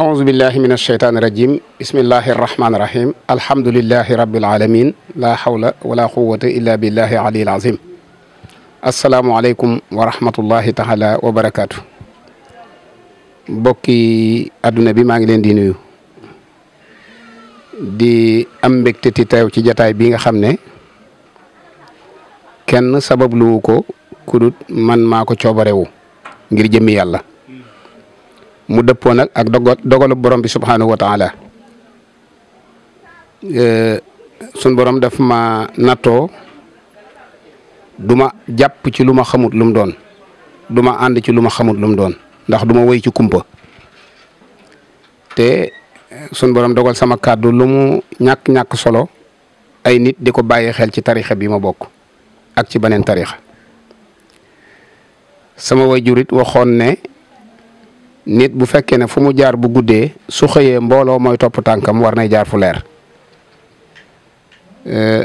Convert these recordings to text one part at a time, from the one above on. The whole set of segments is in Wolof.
أعوذ بالله من الشيطان الرجيم بسم الله الرحمن الرحيم الحمد لله رب العالمين لا حول ولا قوة إلا بالله العلي العظيم السلام عليكم ورحمة الله تعالى وبركاته بوكي أدنى بما لين دي نيو دي أم بكتتي تاو تي جتاي بيغا خامني كان سبب لوكو كودوت من ماكو تشوبريو ngir jëmmi yàlla mu dëppoo nag ak dogal dogalu borom bi subhaanahu wa taala sun borom def ma nattoo du ma jàpp ci lu ma xamut lum doon duma ma ànd ci lu ma xamut lum doon ndax du ma wéy ci kumpa te sun borom dogal sama kàddu lumu mu ñàkk-ñàkk solo ay nit di ko bàyyi xel ci tarixa bi ma bokk ak ci beneen tarixa sama wajurit waxoon ne nit bu fekkee ne fu mu jaar bu guddee su xëyee mbooloo mooy topp tànkam war nay jaar fu leer euh,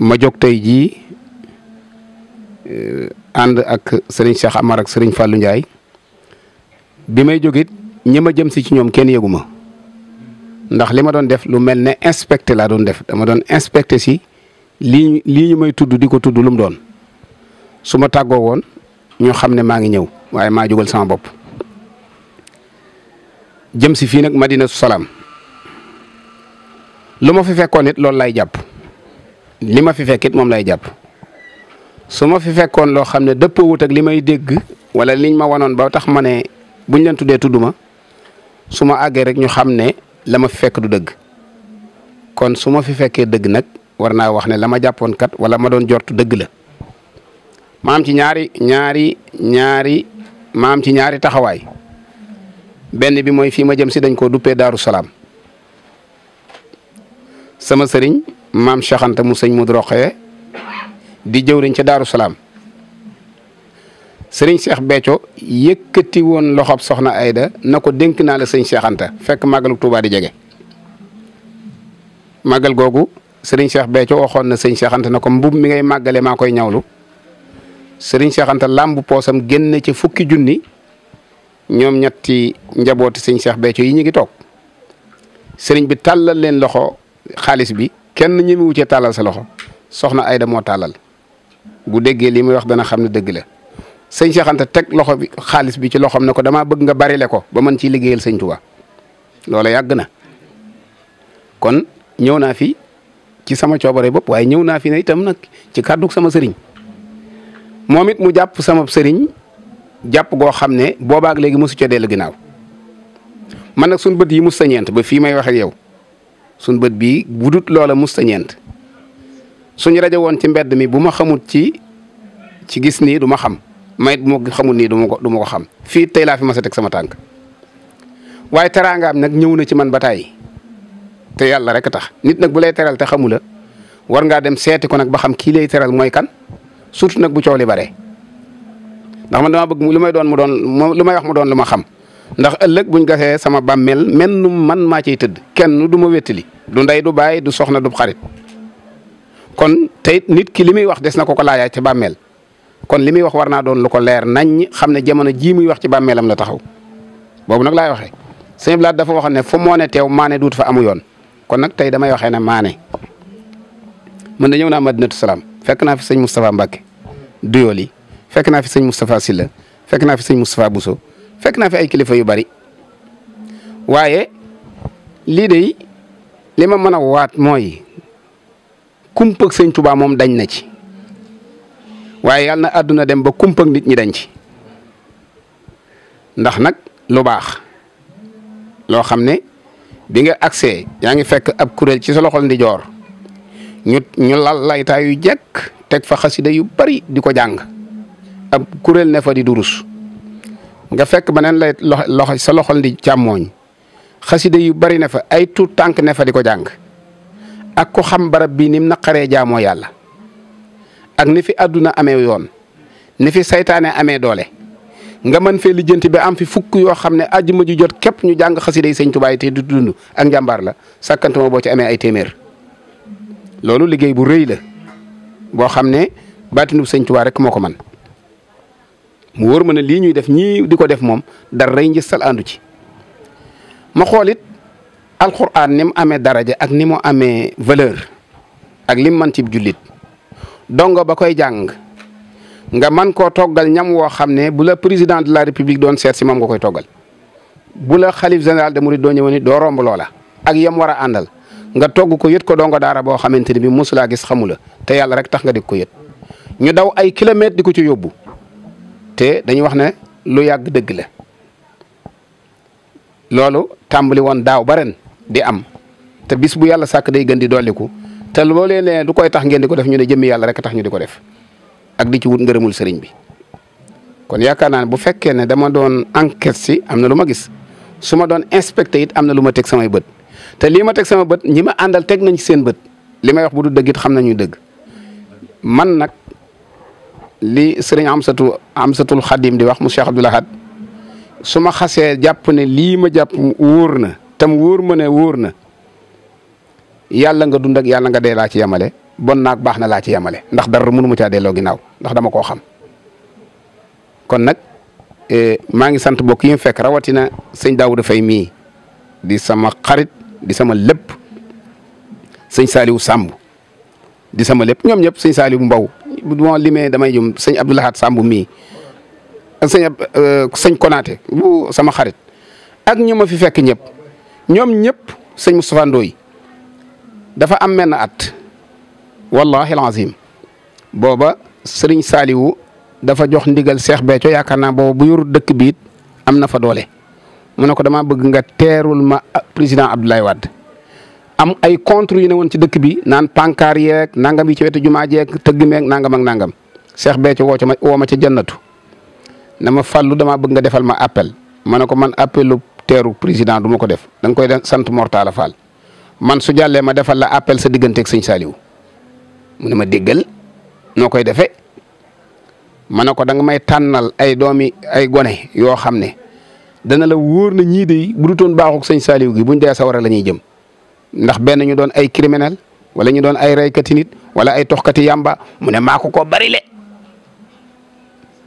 ma jóg tey jii euh, ànd ak sëriñ Cheikh Amar ak sëriñ Fallou bi may jógit ñi ma jëm si ci ñoom kenn yëgu ma ndax li ma doon def lu mel ne inspecté laa doon def dama doon inspecté si lii lii ñu may tudd di ko tudd lu mu doon su ma tàggoo woon ñu xam ne maa ngi ñëw waaye maa jógal sama bopp. jëm si fii nag madinatu salaam lu ma fi fekkoon it loolu lay jàpp li ma fi fekk moom lay jàpp su ma fi fekkoon loo xam ne dëppoo ak li may dégg wala liñ ma wanoon ba tax ma ne buñ leen tuddee ma su ma àggee rek ñu xam ne la ma fi fekk du dëgg kon su ma fi fekkee dëgg nag war naa wax ne la ma jàppoon kat wala ma doon jortu dëgg la maam ci ñaari ñaari ñaari maam ci ñaari taxawaay. benn bi mooy fii ma jëm si dañ koo duppee Daaru Salaam sama sëriñ maam Cheikh mu sëñ Modou Rokhaya di jëwriñ ca Daaru Salaam sëriñ seex Béthio yëkkati woon loxob soxna ayda na ko dénk naa la sëñ Cheikh fekk màggalu Touba di jege màggal googu sëriñ Cheikh Béthio waxoon na sëñ Cheikh na ko mbub mi ngay màggale maa koy ñawlu sëriñ seexanta Anta làmbu poosam génn ci fukki junni. ñoom ñetti njabooti sëñ Cheikh Béthio yi ñu ngi toog sëriñ bi tàllal leen loxo xaalis bi kenn ñemewu cee tàllal sa loxo soxna Ayda moo tàllal bu déggee li muy wax dana xam ne dëgg la sëñ Cheikh teg loxo bi xaalis bi ci loxoom ne ko damaa bëgg nga barile ko ba man ciy liggéeyal sëñ Touba loola yàgg na kon ñëw naa fi ci sama coobare bopp waaye ñëw naa fi na itam nag ci kàddug sama sëriñ moom it mu jàpp sama sëriñ jàpp goo xam ne boobaag léegi mosu ca dellu ginnaaw man nag suñ bët yi mos ta ñeent ba fii may wax ak yow suñ bët bii budut loola mos ta ñeent suñu rajo woon ci mbedd mi bu ma xamut ci ci gis nii du ma xam mayit bu ma xamut nii duma ko du ma xam fii tey laa fi mas a sama tànk waaye teraangam nag ñëw na ci man ba tàyyi te yàlla rek tax nit nag bu lay teral te xamula war ngaa dem seeti ko nag ba xam kii lay teral mooy kan surtout nag bu coow li bare ndax man damaa bëgg lu may doon mu doon lu may wax mu doon lu ma xam ndax ëllëg buñ gasee sama bàmmeel men nu man maa ciy tëdd kenn du ma wéttali du ndey du bàyyi du soxna du xarit kon tey nit ki li muy wax des na ko ko laajaay ci bàmmeel kon li muy wax war naa doon lu ko leer nañ xam ne jamono jii muy wax ci bàmmeelam la taxaw boobu nag laay waxee sëñ Blaat dafa waxoon ne fu moo ne teew maane duut fa amu yoon kon nag tey damay waxee ne maane mën na ñëw naa Madinatu Salaam fekk naa fi sëñ Moustapha Mbacke duyool yi fekk naa fi sëñ Moustapha Sylla fekk naa fi sëñ Moustapha Bousso fekk naa fi ay kilifa yu bari waaye lii de li ma mën a waat mooy kumpag sëñ tubaa moom dañ na ci waaye yàlla na àdduna dem ba kumpag nit ñi dañ ci ndax nag lu baax loo xam ne bi nga agsee yaa ngi fekk ab kuréel ci sa loxol ndi joor ñu ñu lal laytaay yu jekk teg fa xasida yu bari di ko jàng ab kuréel ne fa di durus nga fekk beneen lay loxo sa loxol di càmmooñ xasida yu bari ne fa ay tuut tànk ne fa di ko jàng ak ku xam barab bii ni mu naqaree jaamoo yàlla ak ni fi àdduna amee yoon ni fi saytaane amee doole nga mën fee lijjanti bi am fi fukk yoo xam ne àjjuma ju jot képp ñu jàng xasida yi sëñ Tuubaa yi te du dund ak njàmbaar la sàkkantuma boo ci amee ay téeméer loolu liggéey bu rëy la boo xam ne baatinub sëñ Tuubaa rek moo ko man mu war ma ne lii ñuy def ñii di ko def moom dara rey njëstal àndu ci ma xool it alxuraan ni mu amee daraja ak ni mu amee valeur ak lim man ci jullit dongo ba koy jàng nga man koo toggal ñam woo xam ne bu la président de la république doon seet si moom nga koy toggal bu la xalif général de Mouride doo ñëwoon it doo romb loola ak yam war a àndal nga togg ko yët ko dongo daara boo xamante ne bi mosulaa gis xamula te yàlla rek tax nga di ko yët ñu daw ay kilomètres di ko ci yóbbu te dañu wax ne lu yàgg dëgg la loolu tàmbali woon daaw ba ren di am te bis bu yàlla sàkk day gën di dolliku te loolee ne du koy tax ngeen di ko def ñu ne jëmmi yàlla rek tax ñu di ko def ak di ci wut ngërëmul sëriñ bi. kon yaakaar naa ne bu fekkee ne dama doon enquête si am na lu ma gis su ma doon inspecté it am na lu ma teg samay bët te lii ma teg sama bët ñi ma àndal teg nañ seen bët li may wax bu du dëgg it xam nañu dëgg man nag li sëriñ Amsatu Amsatul Xadim di wax mu Cheikh Abdoul Ahad su ma xasee jàpp ne lii ma jàpp wóor na tam wóor ma ne wóor na yàlla nga dund ak yàlla nga dee laa ci yemale bon naag baax na laa ci yemale ndax dara mënu ma caa delloo ginnaaw ndax dama koo xam kon nag e, maa ngi sant bokk yi mu fekk rawatina sëñ Daawuda Fay mii di sama xarit di sama lépp sëñ Saaliwu Sàmb di sama lépp ñoom ñëpp sëñ Saliou Mbow bu ma limee damay jum sëñ Abdou Lahad Samb mii ak sëñ euh, sëñ bu sama xarit ak ñoom a fi fekk ñëpp ñoom ñëpp sëñ Moustapha Ndoye dafa am menn at wallahi alazim booba sëriñ saaliwu dafa jox ndigal Cheikh Béthio yaakaar naa booba bu yor dëkk biit am na fa doole mu ne ko dama bëgg nga teerul ma ah, président Abdoulaye Wade am ay contre yu ne woon ci dëkk bi naan pànkaar yeeg nangam yi ci wetu jumaa jeeg tëgg meek nangam ak nangam Cheikh Béthio woo ca ma woo ma ca jannatu na ma fallu damaa bëgg nga defal ma appel ma ne ko man appelu teeru président du ma ko def da nga koy sant Mortala Fall man su jàllee ma defal la appel sa digganteeg sëñ Saliou mu ma déggal noo koy defee ma ne ko da may tànnal ay doomi ay gone yoo xam ne dana la wóor na ñii de bu dutoon baaxuk sëñ Saliou gi buñ dee sawara la ñuy jëm. ndax benn ñu doon ay criminal wala ñu doon ay raykati nit wala ay toxkati yamba mu ne maa ko koo bari le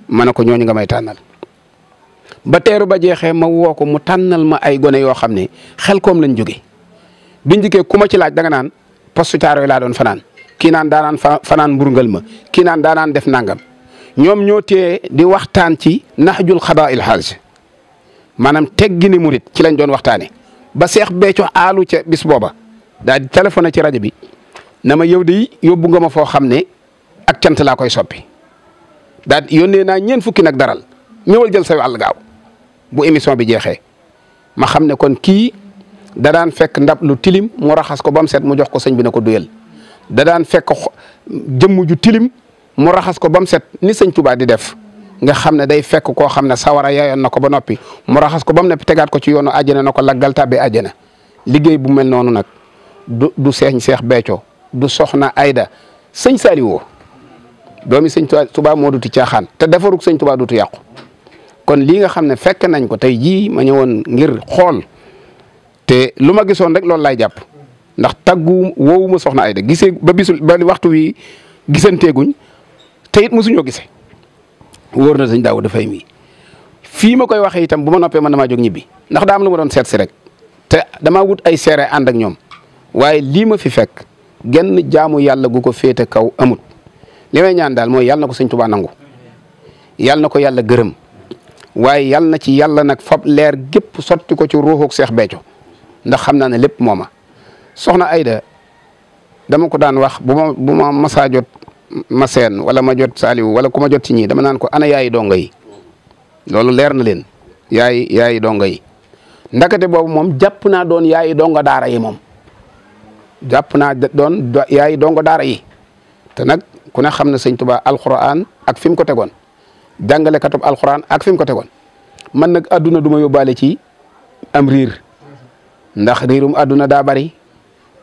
ma ne ko ñooñu nga may tànnal ba teeru ba jeexee ma woo ko mu tànnal ma ay gone yoo xam ni xel koom lañ jóge biñ dikkee ku ma ci laaj danga naan postu Caaroy laa doon fanaan kii naan daanaan fanaan mburngal ma kii naan daanaan def nangam ñoom ñoo téye di waxtaan ci naxjul xadaa il xaaj maanaam teggini murit ci lañ doon waxtaanee. ba Seex Béthio alu ca bis booba daal di téléphoné ci rajo bi na ma yow di yóbbu nga ma foo xam ne ak cant laa koy soppi daal yónnee naa ñeent fukki nag daral ñëwal jël sa àll gaaw bu émission bi jeexee ma xam ne kon kii da daan fekk ndab lu tilim mu raxas ko ba mu set mu jox ko sañ bi ne ko duyal da daan fekk jëmm ju tilim mu raxas ko ba mu set ni sëñ Tuubaa di def nga xam ne day fekk koo xam ne sawara yaayoon na ko ba noppi mu raxas ko ba mu noppi tegaat ko ci yoonu àjjana na ko laggal tàbbi àjjana liggéey bu mel noonu nag du du seeñ seex beeco du soxna ayda sëñ Saliou doomi sëñ Tuubaa moo duti caaxaan te defarug sëñ Tuubaa dutu yàqu kon lii nga xam ne fekk nañ ko tey jii ma ñëwoon ngir xool te lu ma gisoon rek loolu laay jàpp ndax taggu woowu ma soxna ayda gisee ba bisul ba waxtu wi gisanteeguñ te it mosuñoo gisee woor na sëñ Daawuda Fay mi fii ma koy waxee itam bu ma noppee man damaa jóg ñibbi ndax daam am lu ma doon seet si rek te dama wut ay seere ànd ak ñoom waaye lii ma fi fekk genn jaamu yàlla gu ko féete kaw amut li may daal mooy yàlla na ko sëñ Tuubaa yàlla na ko yàlla gërëm waaye yàlla na ci yàlla nag fab leer gépp sotti ko ci ruuxu Seex Béthio ndax xam naa ne lépp mooma soxna Ayda dama ko daan wax bu ma bu masaa jot ma seen wala ma jot saaliwu wala ku ma jot ci ñii dama naan ko ana yaayi donga yi loolu leer na leen yaay yaayi donga yi ndakate boobu moom jàpp naa doon yaayi donga daara yi moom jàpp naa doon yaayi donga daara yi te nag ku ne xam na sëñ Tuubaa alxuraan ak fi mu ko tegoon jàngalekatub alxuraan ak fi mu ko tegoon man nag adduna duma ma yóbbaale ci am riir ndax riirum adduna daa bari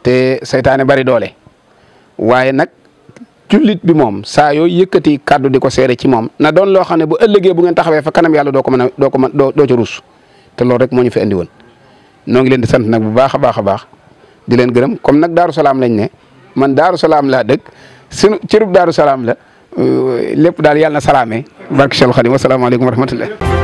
te seytaane bari doole waaye nag jullit bi moom saa yooyu yëkkati kàddu di ko seere ci moom na doon loo xam ne bu ëllëgee bu ngeen taxawee fa kanam yàlla doo ko mën a doo ko mën doo ca rus te loolu rek moo ñu fi andi woon noo ngi leen di sant nag bu baax a baax a baax di leen gërëm comme nag daaru salaam lañ ne man daaru salaam laa dëkk sunu cërub daaru salaam la euh, lépp daal yàlla na salaamee barke Cheikh Xadim wasalaamaaleykum wa rahmatullah